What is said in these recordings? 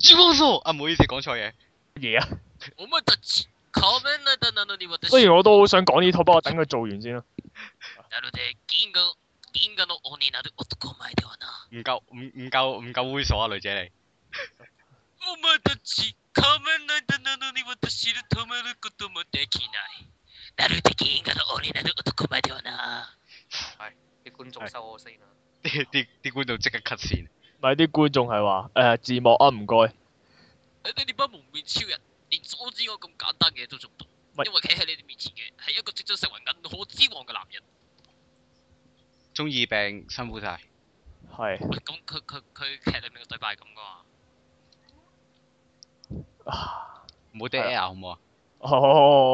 招數啊，唔好意思講錯嘢嘢啊。不如我都好想講呢套，不我等佢做完先啦。唔夠唔唔夠唔夠猥瑣啊，女仔你。啲觀眾收我先啊！啲啲啲觀眾即刻 cut 線。咪啲觀眾係話，誒字幕啊，唔該。你你班蒙面超人連阻止我咁簡單嘅嘢都做唔到，咪因為企喺你哋面前嘅係一個即將成為銀河之王嘅男人。中二病辛苦晒，係。喂，咁佢佢佢劇裏面嘅對白咁啩？冇得 air 好唔好啊？好，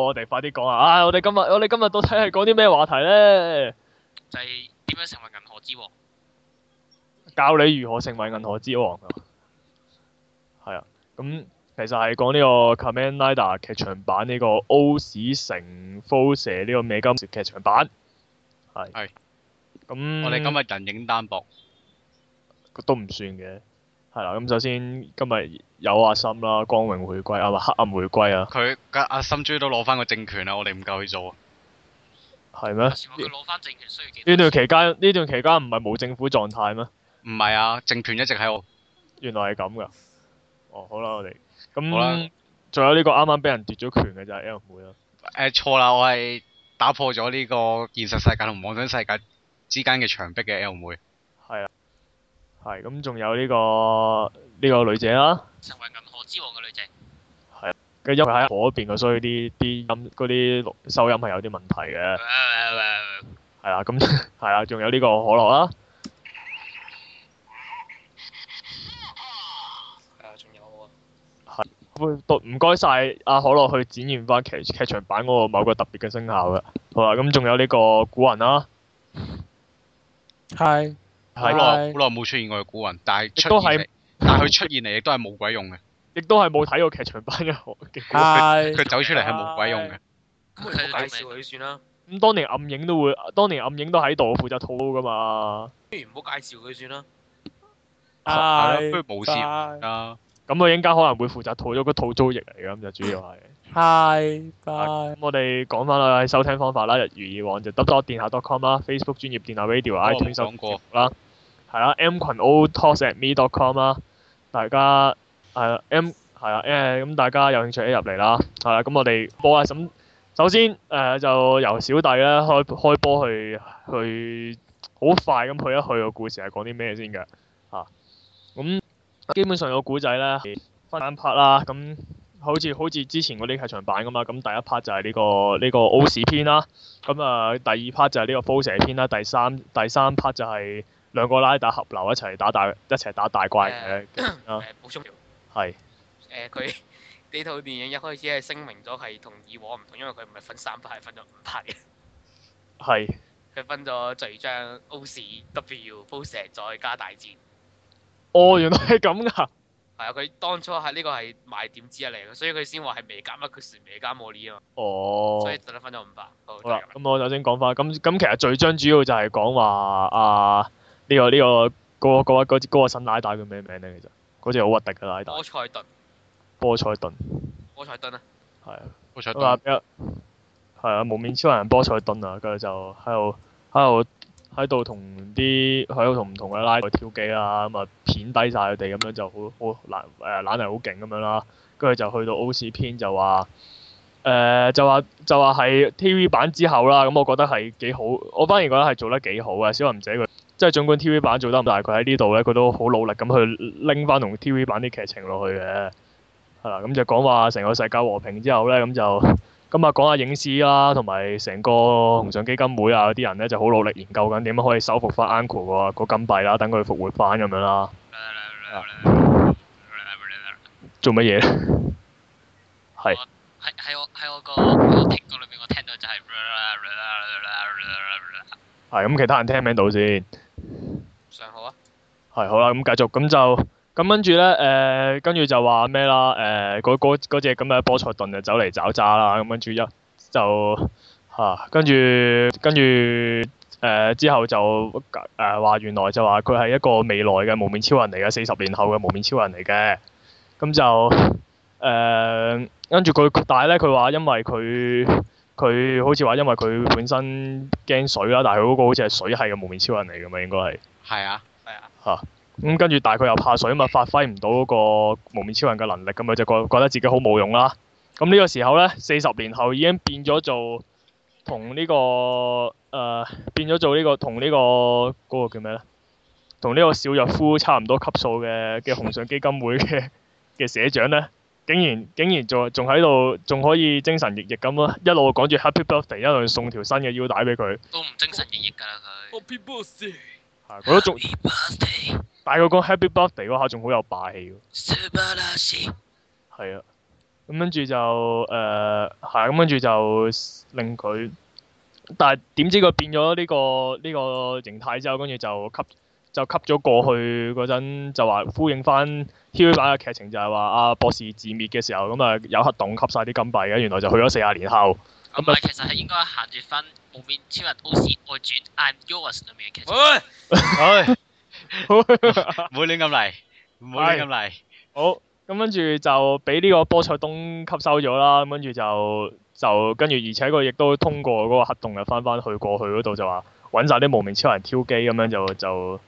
我哋快啲講啊！啊，我哋今日我哋今日到底係講啲咩話題咧？就係點樣成為銀河之王？教你如何成為銀河之王。係啊，咁、嗯、其實係講呢個 Kamen Rider 劇場版呢個歐史城輻射呢個美金劇場版。係。係的。咁、嗯。我哋今日人影單薄。都唔算嘅。係啦，咁、嗯、首先今日有阿森啦，光榮回歸啊，黑暗回歸啊。佢阿森追都攞翻個政權啦，我哋唔夠佢做啊。係咩嗎？呢 段期間呢段期間唔係冇政府狀態咩？唔係啊，政權一直喺度，原來係咁噶哦，好啦，我哋。咁、嗯，仲吧有呢個啱啱俾人奪咗權嘅就係、是、L 妹啦。誒、呃，錯啦，我係打破咗呢個現實世界同妄想世界之間嘅牆壁嘅 L 妹。係啊。係，咁、嗯、仲有呢、這個呢、這個女仔啦。成為銀河之王嘅女仔。係、啊啊，啊，因為喺我嗰邊嘅，所以啲啲音啲錄收音係有啲問題嘅。係啦，咁係啦，仲有呢個可樂啦。唔該晒阿可樂去展現翻劇劇場版嗰個某個特別嘅聲效啦。好啊，咁仲有呢個古云啦。係，係好耐冇出現過嘅古云，但係亦都係，但係佢出現嚟亦都係冇鬼用嘅，亦都係冇睇過劇場版嘅。係 Hi.，佢走出嚟係冇鬼用嘅。咁咪介紹佢算啦。咁當年暗影都會，當年暗影都喺度負責套路噶嘛不 Hi.、啊。不如唔好介紹佢算啦。係，不如冇事啊。咁佢應該可能會負責套咗個套租業嚟嘅，咁就主要係。Hi 拜。咁、啊、我哋講翻啦，收聽方法啦，一如以往就 com,、oh,，就 dotdot 電下 dotcom 啦，Facebook 專業電下 Radio iTunes 啦。講係啦，M 群 oldtossatme.com 啦，me. Com，大家係啦、啊、，M 係啦，誒、啊、咁大家有興趣一入嚟啦，係啦，咁我哋播啊，首首先誒、呃、就由小弟咧開開波去去，好快咁去一去個故事係講啲咩先嘅吓？咁、啊。嗯基本上個古仔咧分三 part 啦，咁好似好似之前嗰啲劇場版噶嘛，咁第一 part 就係呢個呢個 O 氏篇啦，咁啊第二 part 就係呢個伏蛇篇啦，第三第三 part 就係兩個拉打合流一齊打大一齊打大怪嘅係，誒佢呢套電影一開始係聲明咗係同以往唔同，因為佢唔係分三 part 分咗五 part 係，佢是分咗序章 O 氏、W 伏蛇，再加大戰。哦，原來係咁噶，係啊，佢當初係呢個係賣點之一嚟嘅，所以佢先話係未加乜佢算未加冇呢啊嘛，哦，所以就得分咗五百。好啦的，咁我首先講翻，咁咁其實最將主要就係講話啊呢、這個呢、這個嗰、那個嗰、那個嗰、那個、新拉帶叫咩名咧？其實嗰隻好核突嘅拉帶。那個、拉波塞頓。波塞頓。波塞頓啊。係的啊。波塞頓。係啊，幪面超人波塞頓啊，佢就喺度喺度。喺度同啲，喺度同唔同嘅拉佢跳機啊，咁啊片低晒佢哋，咁樣就好好、呃、懶誒懶係好勁咁樣啦。跟住就去到 O 字片就話誒、呃、就話就話係 TV 版之後啦。咁我覺得係幾好，我反而覺得係做得幾好啊。小林姐佢即係儘管 TV 版做得唔大，佢喺呢度咧，佢都好努力咁去拎翻同 TV 版啲劇情落去嘅係啦。咁就講話成個世界和平之後咧，咁就。咁啊，講下影師啦，同埋成個紅信基金會啊啲人咧，就好努力研究緊點樣可以收復翻 Ankle 個個金幣啦，等佢復活翻咁樣啦。做乜嘢？係。係喺我喺我個聽過裏邊，我聽到就係。係咁，其他人聽唔聽到先？上好啊。係好啦，咁繼續咁就。咁跟住咧，誒、呃，跟住就話咩啦？誒、呃，嗰隻咁嘅波塞頓就走嚟找渣啦。咁跟住一就嚇，跟住、啊、跟住誒、啊啊、之後就誒話、啊、原來就話佢係一個未來嘅無面超人嚟嘅，四十年後嘅無面超人嚟嘅。咁就誒跟住佢，但係咧佢話因為佢佢好似話因為佢本身驚水啦，但係佢嗰個好似係水係嘅無面超人嚟嘅嘛，應該係。係啊！係啊！嚇～咁跟住，嗯、大概又怕水啊嘛，發揮唔到嗰個幪面超人嘅能力，咁佢就覺覺得自己好冇用啦。咁呢個時候呢，四十年後已經變咗做同呢、呢個誒、呃，變咗做呢、呢個同呢、呢個嗰、嗰個叫咩呢？同呢個邵逸夫差唔多級數嘅嘅紅上基金會嘅嘅 社長呢，竟然竟然仲仲喺度，仲可以精神奕奕咁咯，一路講住 Happy Birthday，一路送一條新嘅腰帶俾佢。都唔精神奕奕㗎啦佢。都祝你大個個 Happy Birthday 嗰下仲好有霸氣喎、啊呃，係啊，咁跟住就誒係，咁跟住就令佢，但係點知佢變咗呢、呢個呢、呢個形態之後，跟住就吸就吸咗過去嗰陣就話呼應翻 TV 版嘅劇情，就係話啊博士自滅嘅時候咁啊有黑洞吸晒啲金幣嘅，原來就去咗四十年後，咁啊其實係應該行住翻無面超人 O C 外傳 I'm yours 裡面嘅劇情。 好，唔好亂咁嚟，唔好亂咁嚟。好，咁跟住就俾呢個波塞冬吸收咗啦，咁跟住就就跟住，而且佢亦都通過嗰個黑洞又翻翻去過去嗰度，就話揾晒啲無名超人挑機咁樣就就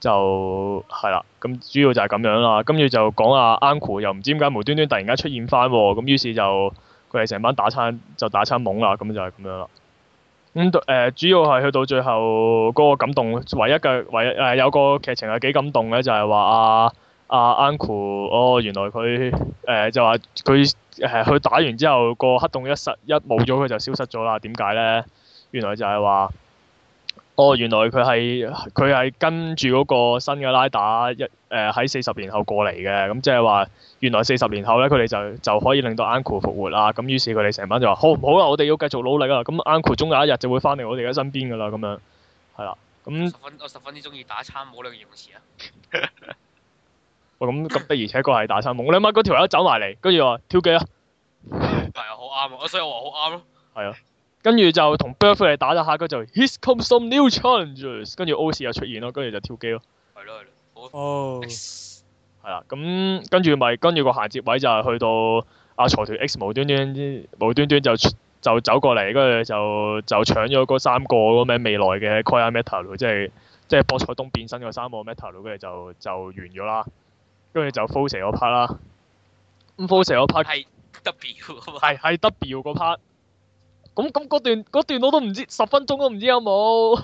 就係啦。咁主要就係咁樣啦。跟住就講阿 Anku 又唔知點解無端端突然間出現翻，咁於是就佢哋成班打餐就打餐懵啦。咁就係咁樣啦。咁誒、嗯呃、主要係去到最後嗰個感動，唯一嘅唯一誒、呃、有個劇情係幾感動嘅，就係話阿阿 Uncle，哦原來佢誒、呃、就話佢誒佢打完之後個黑洞一失一冇咗，佢就消失咗啦。點解咧？原來就係話，哦原來佢係佢係跟住嗰個新嘅拉打一誒喺四十年後過嚟嘅，咁即係話，就是原來四十年後咧，佢哋就就可以令到 Uncle 復活啦。咁於是佢哋成班就話：好唔好啦？我哋要繼續努力啦。咁 Uncle 終有一日就會翻嚟我哋嘅身邊噶啦。咁樣係啦。咁我，我十分之中意打餐懵呢個用詞啊。哇！咁咁的而且確係打餐懵、 哦， 我諗下嗰條友走埋嚟，跟住話跳機啊。係啊，好啱啊！所以我話好啱咯。係啊。跟住就同 Birthday 打咗下，佢就 Here comes some new challenges，跟住 o 又出現咯，跟住就跳機咯。係咯係咯。哦。係啦，咁、嗯、跟住咪跟住個下接位就係去到阿財團 X，無端端無端端就就走過嚟，跟住就就搶咗嗰三個嗰咩未來嘅 coin metal，即係即係波塞冬變身嗰三個 metal，跟住就就完咗啦。跟住就 f u l l 蛇嗰 part 啦，咁 f u l l 蛇嗰 part 係 W 係係 W 嗰 part。咁咁嗰段嗰、那個、段我都唔知十分鐘都唔知有冇，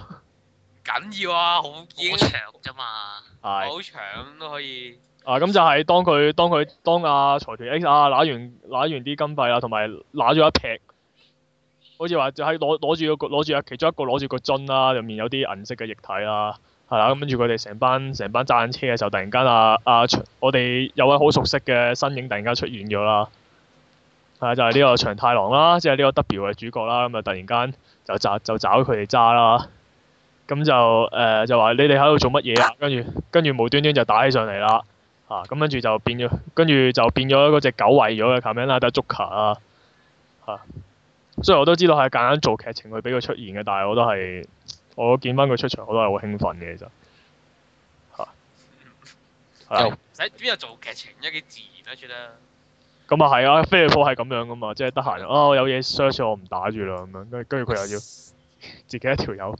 緊要啊！好長啫嘛，好 是長都可以。啊，咁就係當佢當佢當阿、啊、財團 X 啊，揦完揦完啲金幣啊，同埋揦咗一撇，好似話就係攞攞住個攞住啊，其中一個攞住個樽啦，入面有啲銀色嘅液體啊，係啦，咁跟住佢哋成班成班揸緊車嘅時候，突然間啊，阿、啊、我哋有位好熟悉嘅身影突然間出現咗啦，係、啊、就係、是、呢個長太郎啦，即係呢個 W 嘅主角啦。咁、嗯、啊，突然間就，就，就抓就找佢哋揸啦，咁、嗯、就誒、呃、就話你哋喺度做乜嘢啊？跟住跟住無端端就打起上嚟啦。啊，咁跟住就變咗，跟住就變咗嗰隻狗為咗嘅卡梅拉打足球啊！嚇，雖然我都知道係夾硬做劇情去俾佢出現嘅，但係我都係我見翻佢出場，我都係好興奮嘅啫。嚇，係啊，使邊度做劇情，一啲自然得住啦。咁啊係啊，菲利普係咁樣噶嘛，即係得閒啊，我有嘢 search 我唔打住啦咁樣，跟跟住佢又要自己一條友，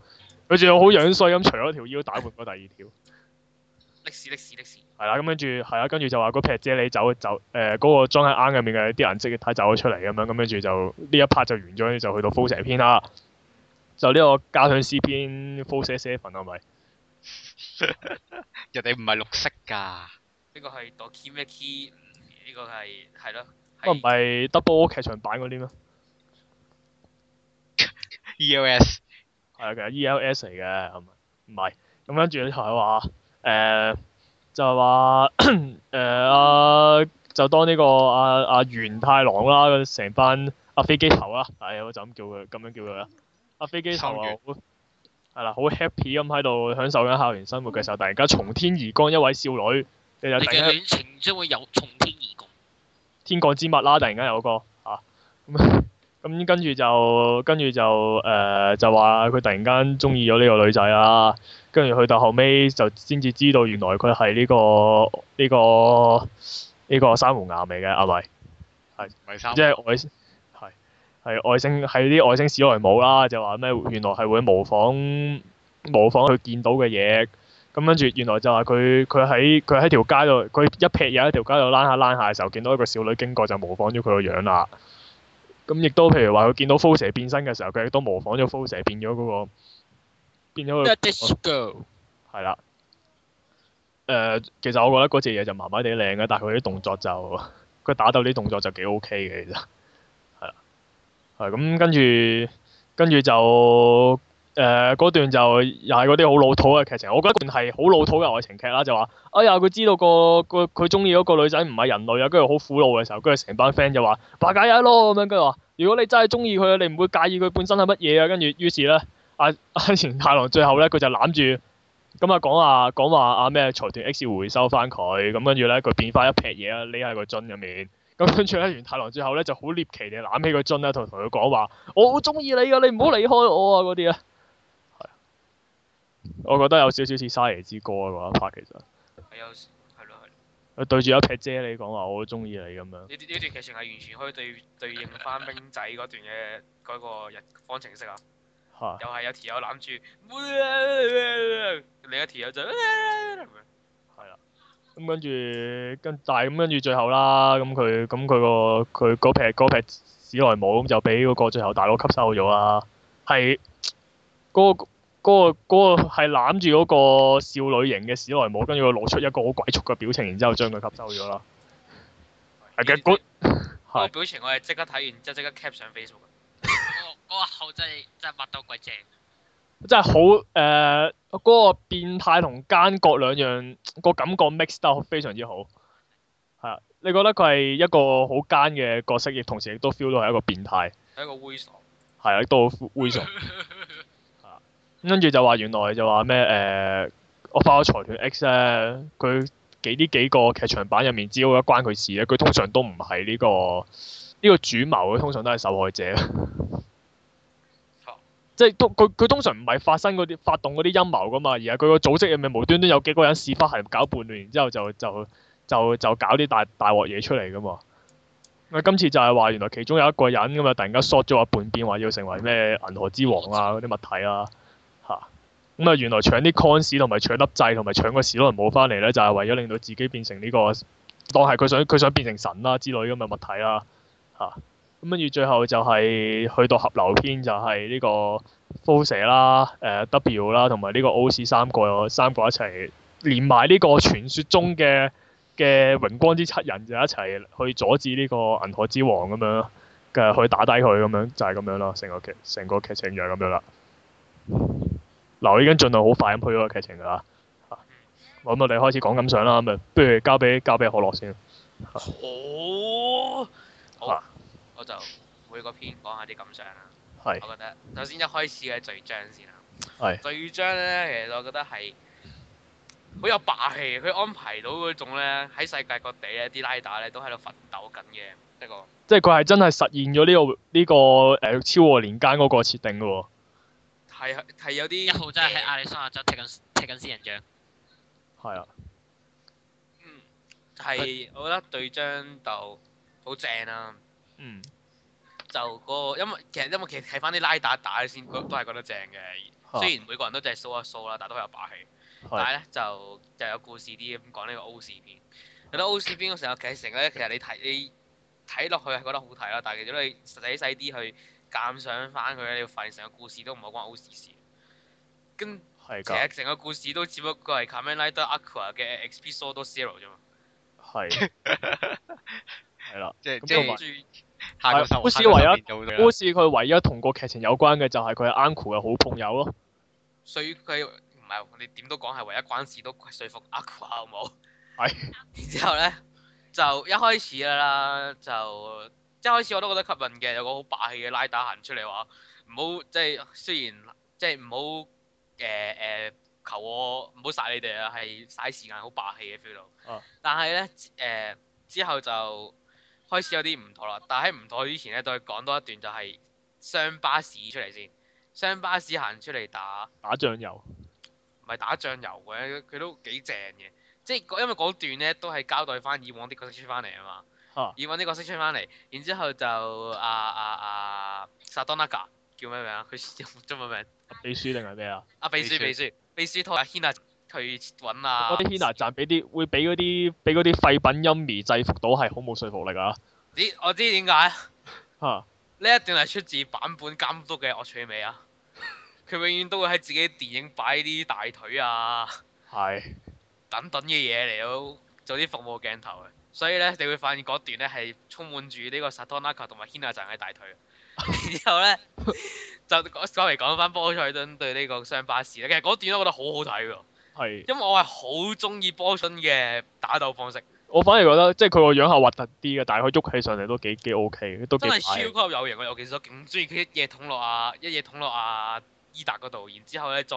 佢仲要好樣衰咁，除咗條腰打換過第二條。歷史，歷史，歷史。係啦，咁跟住係啦，跟住就話嗰撇啫喱走走，誒，嗰、呃嗰個裝喺眼入面嘅啲顏色，嘅睇走咗出嚟咁樣，咁跟住就呢一 part 就完咗，就去到 full shape 篇 a 啦。就呢個加強 C 篇 full shape seven 係咪？ 人哋唔係綠色噶，呢個係 dokey 咩 key？呢個係係咯。都唔係 double 劇場版嗰啲咩？E L S 係嘅，E L S 嚟嘅咁，唔係。咁跟住佢台話誒。呃就係話誒就當呢個阿阿元太郎啦，成班阿飛機頭啦，係我就咁叫佢，咁樣叫佢啦。阿飛機頭啊，係、哎啊啊啊、遠啦，好 happy 咁喺度享受緊校園生活嘅時候，突然間從天而降一位少女，你、嗯、就突然間。戀情將會由從天而降。天降之物啦！突然間有個啊。嗯咁跟住就跟住就誒、呃、就話佢突然間中意咗呢個女仔啦，跟住去到後尾，就先至知道原來佢係呢個呢、這個呢、這個珊瑚岩嚟嘅，阿咪？係，即係、就是、外星。係，係外星，係啲外星史萊姆啦，就話咩？原來係會模仿模仿佢見到嘅嘢。咁跟住原來就話佢佢喺佢喺條街度，佢一劈嘢喺條街度躝下躝下嘅時候，見到一個少女經過，就模仿咗佢個樣啦。咁亦都譬如話，佢見到 Foxy 變身嘅時候，佢亦都模仿咗 Foxy 變咗嗰個變咗個。係啦、那個。誒 's、呃，其實我覺得嗰隻嘢就麻麻地靚嘅，但係佢啲動作就佢打鬥啲動作就幾 OK 嘅，其實係啦，係咁、嗯、跟住跟住就誒嗰、呃、段就又係嗰啲好老土嘅劇情，我覺得係好老土嘅愛情劇啦，就話哎呀佢知道個個佢中意嗰個女仔唔係人類啊，跟住好苦惱嘅時候，跟住成班 friend 就話擺假一咯咁樣，跟住話。如果你真係中意佢，你唔會介意佢本身係乜嘢啊。跟住於是咧，阿阿源太郎最後咧，佢就攬住，咁、嗯、啊講話講話阿咩財團 X 回收翻佢。咁、嗯、跟住咧，佢變翻一撇嘢啊，匿喺個樽入面。咁跟住咧，源太郎最後咧就好獵奇地攬起個樽啊，同同佢講話：我好中意你噶、啊，你唔好離開我啊！嗰啲啊。係。我覺得有少少似沙耶之歌啊！嗰一 part 其實。 佢對住一撇遮你講話，我好中意你咁樣。呢啲，呢段劇情係完全可以對對應翻兵仔嗰段嘅嗰個日方程式啊！嚇！又係有條友攬住，另一條友就係啦。咁跟住跟但，咁跟住最後啦，咁佢咁佢個佢嗰劈，嗰撇史萊姆咁就俾嗰個最後大佬吸收咗啦。係嗰嗰個嗰個係攬住嗰個少女型嘅史萊姆，跟住佢攞出一個好鬼畜嘅表情，然之後將佢吸收咗啦。係嘅，good 個表情我係即刻睇完，之後即刻 cap 上 Facebook。嗰、 嗰個嗰個、哦、真係真係擘到鬼正，真係好誒嗰個變態同奸角兩樣、個感覺 mix 得非常之好。係啊，你覺得佢係一個好奸嘅角色，亦同時亦都 feel 到係一個變態。係一個猥瑣。係啊，都好猥瑣。跟住就話，原來就話咩？誒、呃，我發咗財團 X 咧、啊，佢幾呢幾個劇場版入面只有，只會有關佢事咧。佢通常都唔係呢個呢、這個主謀，通常都係受害者。即係佢佢通常唔係發生嗰啲發動嗰啲陰謀噶嘛，而係佢個組織入面無端端有幾個人屎忽痕搞叛亂，然之後就就就就，就搞啲大大鑊嘢出嚟噶嘛。今次就係話原來其中有一個人咁啊，突然間 short 咗個半邊，話要成為咩銀河之王啊嗰啲物體啊。嚇咁啊！原來搶啲 coins 同埋搶粒掣同埋搶個史洛雲帽翻嚟咧，就係、是、為咗令到自己變成呢、這個當係佢想佢想變成神啦之類咁嘅物體啦嚇。咁跟住最後就係、是、去到合流篇，就係呢個 full 啦、誒、呃、W 啦同埋呢個 O C 三個三個一齊連埋呢個傳說中嘅嘅榮光之七人，就一齊去阻止呢個銀河之王咁樣嘅去打低佢，咁樣就係、是、咁樣咯。成個劇成個劇情就係咁樣啦。嗱，依家盡量好快咁配嗰個劇情㗎喇，啊，咁我哋開始講感想啦，咁啊，不如交俾交俾可樂先。可，好，我就每個片講下啲感想啦。係是。我覺得首先一開始嘅序章先啦。係是。序章咧，其實我覺得係好有霸氣，佢安排到嗰種咧，喺世界各地咧啲拉打咧都喺度奮鬥緊嘅一個。即係佢係真係實現咗呢個呢個誒超和年間嗰個設定嘅喎。係，係有啲一號真係喺亞利桑那州踢緊踢緊仙人掌。係啊。嗯，係，我覺得隊章就好正啦，啊。嗯。就嗰、那個因為其實，因為其實因為其實睇翻啲拉打打先，都都係覺得正嘅。啊、雖然每個人都就係 show 一 show 啦，但係都有把戲。是但係咧，就就有故事啲咁講呢個 O.C. 片。覺得 O.C. 片嗰時候嘅劇情咧，其實你睇你睇落去係覺得好睇啦，但係如果你係細細啲去。鑑賞翻佢咧，你要發現成個故事都唔係關 OOO 事。跟其實成個故事都只不過係 Kamen Rider Aqua 嘅 XP 收都 zero 啫嘛，係係啦，即係即係話下個故事，OOO 唯一 OOO 佢唯一同個劇情有關嘅就係佢係 Uncle 嘅好朋友咯。所以佢唔係你點都講係唯一關事，都説服 Aqua 好冇。係。然之後咧就一開始啦就。即係開始我都覺得吸引嘅，有個好霸氣嘅拉打行出嚟話唔好，即係雖然即係唔好誒誒求我唔好殺你哋啊，係嘥時間，好霸氣嘅 feel 到。啊、但係咧誒之後就開始有啲唔妥啦，但係喺唔妥之前咧都係講多一段，就係雙巴士出嚟先，雙巴士行出嚟打打醬油，唔係打醬油嘅，佢都幾正嘅，即係因為嗰段咧都係交代翻以往啲角色出翻嚟啊嘛。要搵啲角色出翻嚟，然之後就阿阿阿薩當納加叫咩名啊？佢中文名，名、啊、秘書定係咩啊？阿秘書秘書秘書託阿 Hannah 去搵啊！嗰啲 Hannah 賺俾啲，會俾嗰啲俾嗰啲廢品音。咪制服到，係好冇說服力啊！我知我知點解啊？呢一段係出自版本監督嘅惡趣味啊！佢永遠都會喺自己電影擺啲大腿啊，係是等等嘅嘢，嚟到做啲服務鏡頭嘅。所以咧，你會發現嗰段咧係充滿住呢個 Satonaka 同埋希亞陣喺大腿，然之後咧就稍微嚟講翻波賽頓對呢個雙巴士咧，其實嗰段我都覺得好好睇喎。係是。因為我係好中意波賽頓嘅打鬥方式。我反而覺得即係佢個樣係核突啲嘅，但係佢喐起上嚟都幾幾 OK，都幾。真係超級有型嘅，尤其是我勁中意佢一嘢捅落啊一嘢捅落啊伊達嗰度，然之後咧再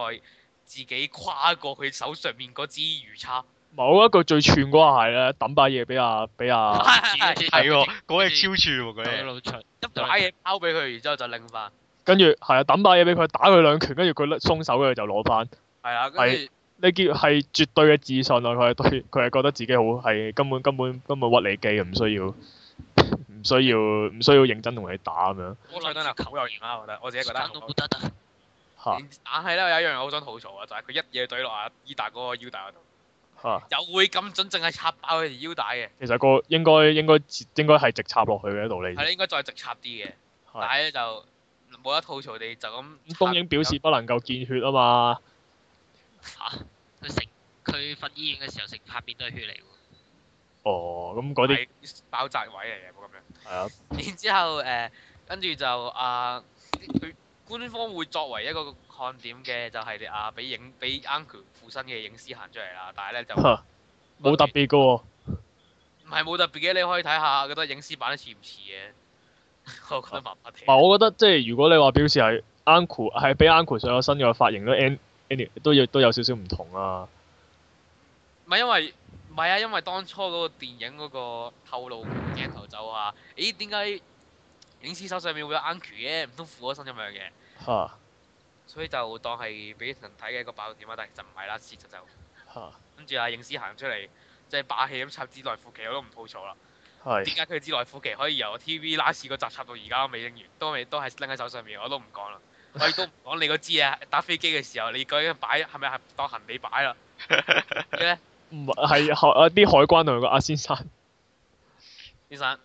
自己跨過佢手上面嗰支魚叉。冇，我覺得佢最串嗰個係咧，抌把嘢俾阿俾阿，係係係，嗰嘢超串喎嗰啲，一把嘢拋俾佢，然之後就拎翻。跟住係啊，抌把嘢俾佢，打佢兩拳，跟住佢甩鬆手，佢就攞翻。係啊，係呢叫係絕對嘅自信啊！佢係對，佢係覺得自己好，係根本根本根本屈你機嘅，唔需要，唔需要，唔需要認真同你打咁樣。所以真係好有型啦，我覺得我自己覺得。嚇！但係咧有一樣我好想吐槽嘅就係佢一嘢對落阿伊達嗰個腰帶度。又會咁準，淨係插爆佢條腰帶嘅。其實個應該應該，應該係直插落去嘅道理。係咧，應該再直插啲嘅，的但係咧就冇一套措地就咁。風影表示不能夠見血啊嘛。吓、啊？佢食佢佛醫院嘅時候食拍邊都血嚟？哦，咁嗰啲。爆炸位嚟嘅，冇咁樣。係啊的。然之後誒，跟、呃、住就啊，佢、呃。官方會作為一個看點嘅就係、是、啊，俾影俾 Uncle 附身嘅影師行出嚟啦，但係咧就冇特別嘅喎、哦，唔係冇特別嘅，你可以睇下，覺得影師版似唔似嘅？我覺得麻麻地、啊啊。我覺得即係如果你話表示係 Uncle 係俾 Uncle 上咗身嘅髮型都 any 都要都有少少唔同啊。唔係因為，唔係啊，因為當初嗰個電影嗰個透露鏡頭就話、是，咦、欸，點解？影師手上面會有 n c 安全嘅，唔通負咗身咁樣嘅，所以就當係俾人睇嘅一個爆點啊！但係其實唔係啦，事實就跟住啊，哈 影師行出嚟即係霸氣咁插支內褲旗，我都唔吐槽啦。係點解佢嘅支內褲旗可以由 T.V. 拉市個集插到而家都未影完，都都係拎喺手上面，我都唔講啦。我亦都唔講你嗰支啊，搭飛機嘅時候你究竟擺係咪係當行李擺啦？咩唔係啊！啲 海關同個阿先生，先生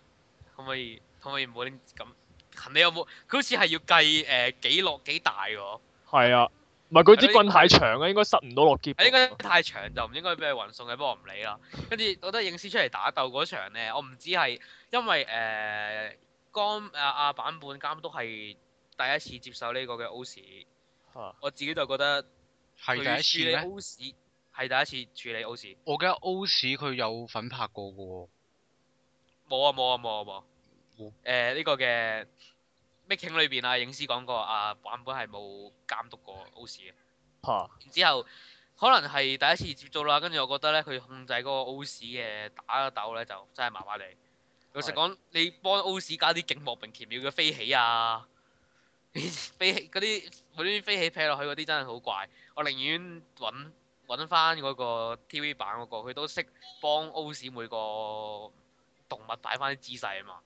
可唔可以？可唔可以唔好咁？你有冇？佢好似係要計誒、呃、幾落幾大噶？係啊，唔係佢啲棍太長啊該，應該塞唔到落肩。太長就唔應該俾佢運送嘅，不過唔理啦。跟住，我覺得影師出嚟打鬥嗰場咧，我唔知係因為誒剛誒阿版本監督係第一次接受呢個嘅 O 史，哈我自己就覺得係第一次。處理 O 史係第一次處理 O 史。我記得 O 史佢有粉拍過噶喎。冇啊冇啊冇啊冇。誒，呢、呃這個嘅 making 裏邊啊，影師講過啊，版本係冇監督過 O.S. 嘅，啊、然之後可能係第一次接觸啦。跟住我覺得咧，佢控制嗰個 O.S. 嘅打鬥咧就真係麻麻地。是老實講，你幫 O.S. 加啲勁莫名其妙嘅飛起啊， 飛起嗰啲嗰啲飛起劈落去嗰啲真係好怪。我寧願搵搵翻嗰個 T.V. 版嗰，那個，佢都識幫 O.S. 每個動物擺翻啲姿勢啊嘛。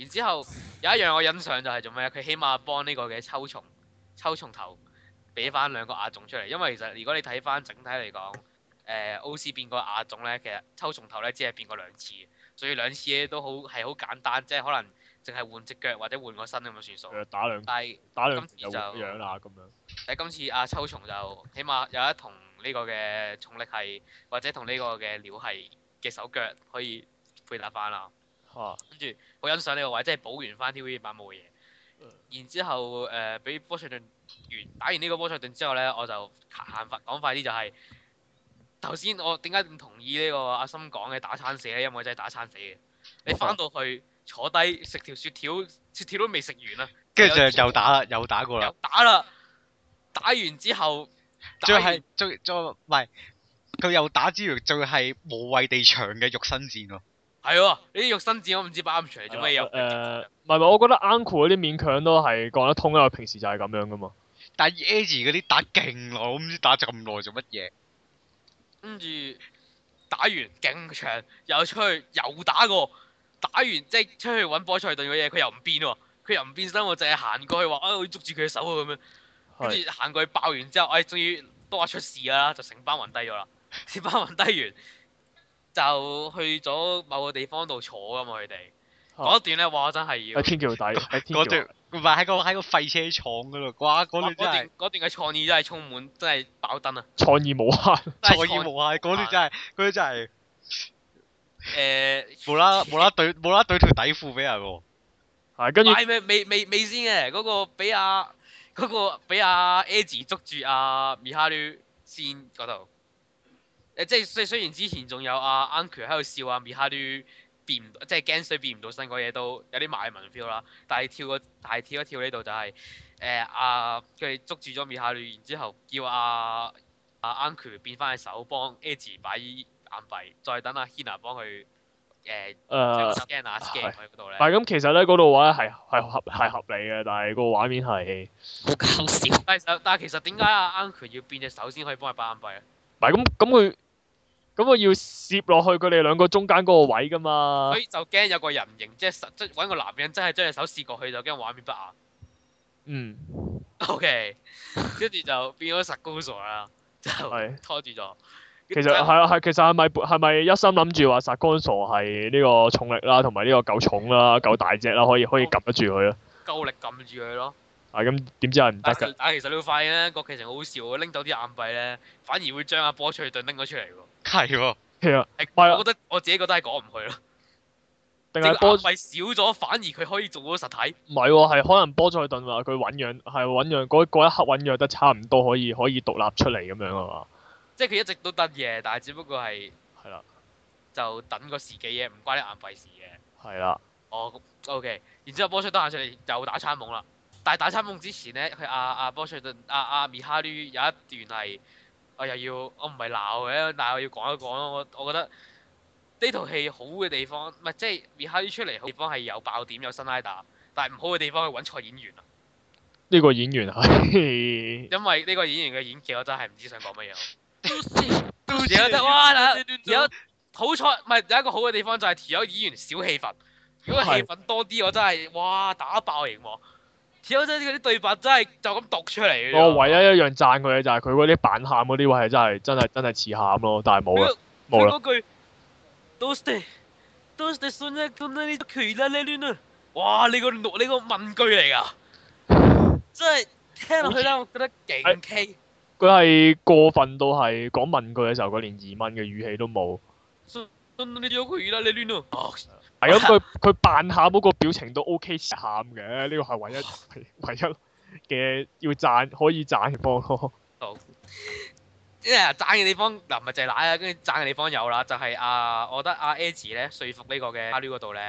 然之後有一樣我欣賞就係做咩佢起碼幫呢個嘅抽蟲抽蟲頭俾翻兩個亞種出嚟，因為其實如果你睇翻整體嚟講，誒、呃、O C 變過亞種咧，其實抽蟲頭咧只係變過兩次，所以兩次咧都好係好簡單，即係可能淨係換隻腳或者換個身咁樣算數。打兩，但係打兩次就一樣啦咁樣。但係今次阿抽蟲就起碼有一同呢個嘅重力係，或者同呢個嘅、啊、鳥係嘅手腳可以配搭翻啦。跟住好欣賞呢個位，即係補完翻 TV 版冇嘢。然之後誒，俾、呃、波塞頓完打完呢個波塞頓之後咧，我就行快講快啲、就係，就係頭先我點解唔同意呢個阿森講嘅打餐死咧，因為真係打餐死嘅。你翻到去坐低食條雪條，雪條都未食完啊，跟住就又打啦有，又打過啦。又打啦！打完之後，最係最最唔係佢又打之餘，仲係無謂地長嘅肉身戰喎。係喎，你啲肉身戰我唔知包唔出嚟做咩嘢？誒，唔、呃、係我覺得 Uncle 嗰啲勉強都係講得通，因為，平時就係咁樣噶嘛。但係 e d 嗰啲打勁耐，我唔知打咁耐做乜嘢。跟住打完勁場，又出去又打過，打完即係、就是、出去搵波塞頓嘅嘢，佢又唔變喎，佢又唔變身我淨係行過去話、哎，我要捉住佢嘅手啊咁樣。跟住行過去爆完之後，誒、哎，終於都話出事啦，就成班暈低咗啦，成班暈低完。就去咗某個地方度坐㗎嘛，佢哋嗰段咧，哇我真係要、啊、天橋底，嗰、啊、段唔係喺個喺個廢車廠嗰度，哇嗰段段嘅創意真係充滿，真係爆燈啊！創意無限，創意無限，嗰段真係啲、啊、真係誒啦冇啦對冇啦對條底褲俾人喎、啊，係、啊、跟住唔係未未未先嘅嗰個俾阿嗰個俾阿 Edge 捉住阿 Miharu 先嗰度。即係雖雖然之前仲有阿 Angie 喺度笑阿 Mehdi 變唔即係驚水變唔到身嗰嘢都有啲賣文 feel 啦，但係跳個但係跳一跳呢度就係誒阿佢捉住咗 Mehdi 然之後叫阿阿 Angie 變翻隻手幫 Edge 擺硬幣，再等阿、啊、Hannah 幫佢誒。誒、呃。驚啊、uh！驚喺嗰度咧。但係咁其實咧度話咧係係合係合理嘅，但係個畫面係好搞笑。但係其實點解阿 Angie 要變隻手先可以幫佢擺硬幣啊？唔係咁咁佢。咁我要攝落去佢哋兩個中間嗰個位噶嘛，所以就驚有個人形，即係實即揾個男人真係將隻手試過去就驚畫面不雅。嗯，OK，跟住就變咗殺高傻啦，就係拖住咗。其實係啊，係其實係咪係咪一心諗住話殺高傻係呢個重力啦，同埋呢個夠重啦，夠大隻啦，可以可以撳得住佢咯，夠力撳住佢咯。啊，咁點知係唔得嘅？但其實你快咧，個劇情好笑，拎走啲硬幣咧，反而會將阿波塞頓拎咗出嚟喎。係喎，係、哦、是啊，我覺得我自己覺得係講唔去咯。定係硬幣少咗，反而佢可以做到實體。唔係喎，係可能波塞頓話佢搵樣係搵樣嗰、那個、一刻搵樣得差唔多可以，可以可以獨立出嚟咁樣啊嘛、嗯。即係佢一直都得嘅，但係只不過係係啦，就等個時機嘢，唔關啲硬幣事嘅。係啦的。哦，OK，然之後波塞頓行出嚟又打餐懵啦。 但係打餐夢之前咧，佢阿阿波瑞頓阿阿、啊啊、米哈里有一段係我又要我唔係鬧嘅，但係我要講一講咯。我我覺得呢套戲好嘅地方，唔係即係米哈里出嚟嘅地方係有爆點有新拉打，但係唔好嘅地方係揾錯演員啊。呢個演員啊，因為呢個演員嘅演技，我真係唔知想講乜嘢。 有好彩，唔係有，有，有一個好嘅地方就係調咗演員小氣氛。如果氣氛多啲，我真係哇打爆型喎。睇到真啲對白真係就咁讀出嚟嘅。我唯一一樣讚佢嘅就係佢嗰啲扮喊嗰啲位真係真係真係似喊咯，但係冇冇嗰句，多斯，多斯，送一送呢啲，奇拉呢啲呢。哇！你、嗰個讀呢個問句嚟噶， 真係聽落去咧，我覺得幾 K。佢 係樂過分到係講問句嘅時候，佢連疑問嘅語氣都冇。送送呢啲奇拉係咁，佢佢，嗯、 扮下冇，那個表情都 O K 慘嘅，呢個係唯一唯一嘅要讚可以讚嘅方法。哦，即係讚嘅地方嗱，咪、啊、就係奶啦。跟住讚嘅地方有啦，就係、是、啊，我覺得阿、啊、e d g 咧說服個呢個嘅阿 l 嗰度咧，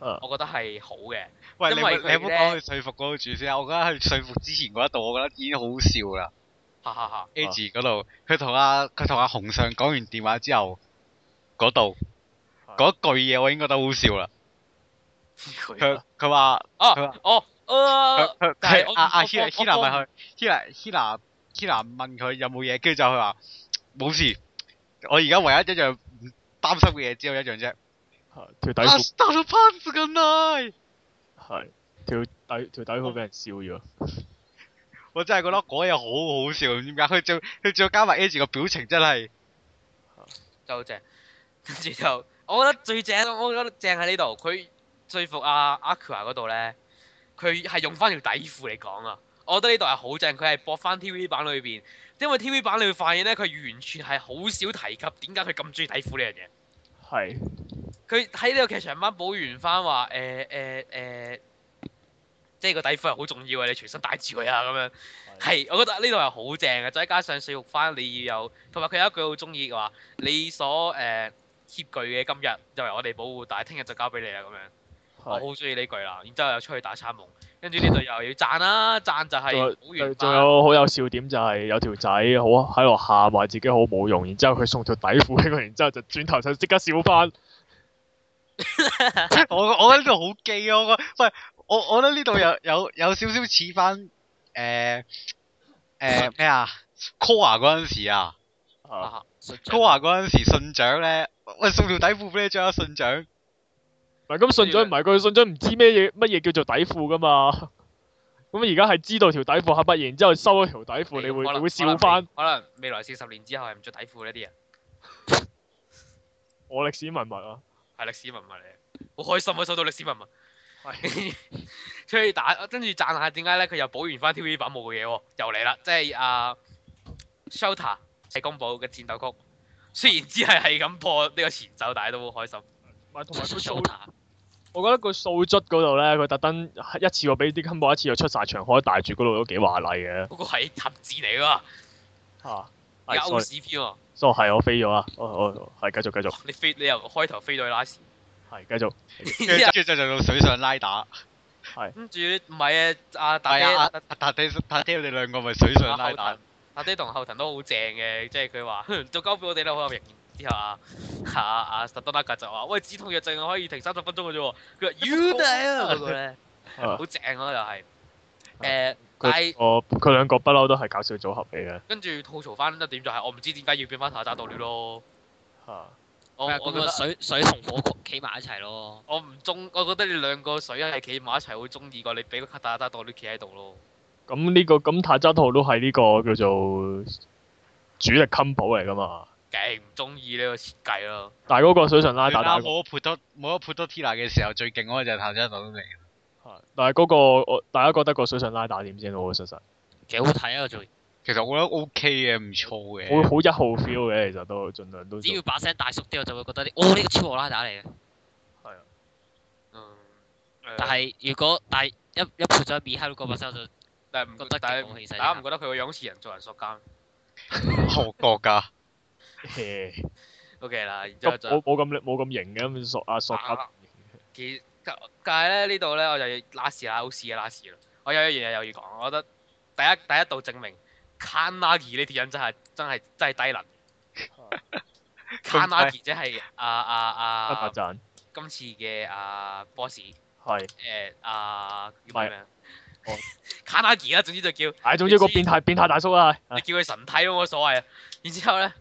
啊、我覺得係好嘅。喂，你你唔好講去說服嗰個住先啊！我覺得去說服之前嗰一度，我覺得已經好好笑啦。哈哈哈 e 嗰度，佢同阿佢同阿洪順講完電話之後嗰度。 嗰句嘢我應該都好笑啦。佢佢話，佢話，哦，但佢係阿阿希希娜問佢，希希娜希娜問佢有冇嘢，跟住就佢話冇事。我而家唯一一樣唔擔心嘅嘢只有一樣啫。係條底褲。打到潘咁耐。係條底條底褲俾人笑咗。我真係覺得嗰日好好笑，點解佢仲佢再加埋 Edge 個表情真係。就正，跟住就。我覺得最正，我覺得正喺呢度。佢説服阿阿喬亞嗰度咧，佢係、啊、用翻條底褲嚟講啊！我覺得呢度係好正，佢係播翻 TV 版裏邊，因為 TV 版裏面發現咧，佢完全係好少提及點解佢咁中意底褲呢樣嘢。係。佢喺呢個劇場版補完翻話，誒誒誒，即係個底褲係好重要啊！你隨身帶住佢啊，咁樣係是。我覺得呢度係好正嘅，再加上説服翻你要有，同埋佢有一句好中意嘅話：你所誒。欸貼句嘅今日就由我哋保護，但係聽日就交俾你啦咁樣。我好中意呢句啦，然之後又出去打參夢，跟住呢度又要讚啦、啊，讚 就係。仲有好有笑點就係、是、有條仔好喺度喊，話自己好冇用，然之後佢送條底褲俾佢，然之後就轉頭就即刻笑翻。 我我覺得呢度好記啊，我覺，唔我我覺得呢度有有有少少似翻誒誒咩啊？科華嗰陣時啊，科華嗰陣時信長咧。喂，送條底褲俾你着下信長，嗯，唔係咁信長唔係，佢、嗯、信長唔知咩嘢乜嘢叫做底褲噶嘛？咁而家係知道條底褲係乜，不然之後收咗條底褲你會會笑翻。可能未來四十年之後係唔着底褲呢啲人？我歷史文物啊，係歷史文物嚟，好開心啊！收到歷史文物，文物是 出去打，跟住讚下點解咧？佢又補完翻 TV 版冇嘅嘢喎，又嚟啦！即係啊 Shota 細公布嘅戰鬥曲。雖然只係係咁破呢個前奏，大家都好開心。同埋都掃塔， 我覺得個素質嗰度咧，佢特登一次過俾啲金，一次又出晒場開大住嗰度都幾華麗嘅。嗰個係塔字嚟噶。吓，O C P 喎。都係、啊、我飛咗啊！我我係繼續繼續。你飛你由開頭飛到去拉線，係繼續，跟住就用水上拉打，係。跟住唔係啊，阿達啊，達達達，達達，你兩個咪水上拉打。阿爹同後藤都好正嘅，即係佢話做交配我哋啦，好有型。之後阿阿阿特多納格就話、是：，喂止痛藥淨可以停三十分鐘嘅啫。佢話：，U d 啊嗰、那個好正咯、啊、又係。誒、啊，啊、但係佢兩個不嬲都係搞笑組合嚟嘅。跟住吐槽翻一點就係、是，我唔知點解要變翻夏扎杜列咯。吓，一啊、我、啊、我覺得水水同火企埋一齊咯。我唔一中，我覺得你兩個水一係企埋一齊會中意過你俾個卡達達杜列企喺度咯。咁呢個咁泰渣兔都係呢個叫做主力 combo 嚟噶嘛？勁唔中意呢個設計咯。但係嗰個水上拉打，冇得潑多，冇得潑多 Tina 嘅時候最勁嗰個就係泰渣兔都未。係，但係嗰個我大家覺得個水上拉打點先好，實實。幾好睇啊！個造型。其實我覺得 OK 嘅，唔錯嘅。會好一號 feel 嘅，其實都盡量都。只要把聲大熟啲，我就會覺得哦，呢個超級拉打嚟嘅。係啊。嗯。但係如果但係一一潑咗米克嗰把聲我就。但係唔覺得，大家唔覺得佢個樣似人做人塑監？我覺家 O K 啦，然之後再冇咁冇咁型嘅，咁索啊，索其實但係咧，呢度咧，我就要拉屎啦，好屎嘅拉屎啦。我有一樣嘢又要講，我覺得第一第一度證明 Kanagi 呢啲人真係真係真係低能。 Kanagi 即係阿阿阿，今次嘅阿 boss 係誒阿叫咩名？ 哦、卡納吉啦、啊，總之就叫，係、哎、總之個是變態變態大叔啊，你叫佢神替都冇乜所謂啊。然之後咧，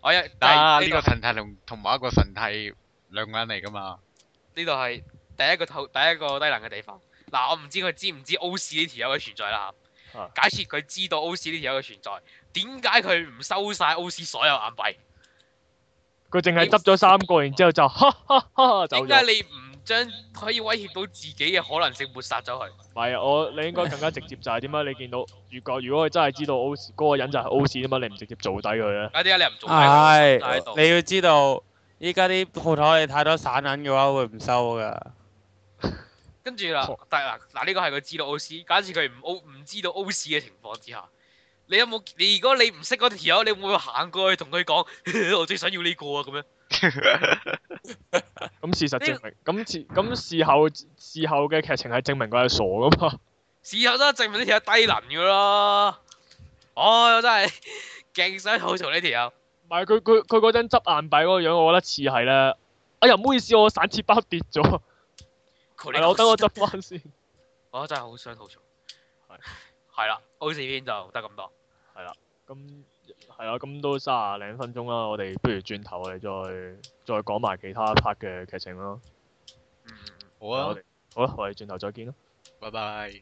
我一啊呢是個神替同同埋一個神替兩個人嚟噶嘛。呢度係第一個突第一個低能嘅地方。嗱、啊，我唔知佢知唔知 O C 呢條友嘅存在啦。假設佢知道 O C 呢條友嘅存在，點、啊啊、解佢唔收晒 O C 所有硬幣？佢淨係執咗三個，然之後就哈哈走咗。點解你唔？將可以威脅到自己嘅可能性抹殺咗佢。唔係啊，我你應該更加直接就係點解你見到如果，如果佢真係知道 O C 嗰、嗰個人就係 O C，點解你唔直接做低佢啊？點解你唔做低？係、哎、你要知道，依家啲鋪頭你太多散銀嘅話會唔收噶。 跟住啦， 但係嗱嗱呢個係佢知道 O C，假設佢唔 O 唔知道 O C 嘅情況之下，你有冇？你如果你唔識嗰條友，你會唔會行過去同佢講？ 我最想要呢個啊，咁樣。咁 事實證明，咁咁這個 事，事後事後嘅劇情係證明佢係傻噶嘛？事後都證明呢條低能噶咯，oh, 我真係勁想吐槽呢條。唔係佢佢佢嗰陣執硬幣嗰個樣，我覺得似係咧。哎呀，唔好意思，我散紙包跌咗。係啊，嗯，等、 哎、我執翻先。 我真係好想吐槽。係 啦，我呢邊就得咁多。係啦。 咁。係啊，咁都三卅零分鐘啦，我哋不如轉頭我哋再再講埋其他 part 嘅劇情咯。嗯，好啊，好啦，我哋轉頭再見啦，拜拜。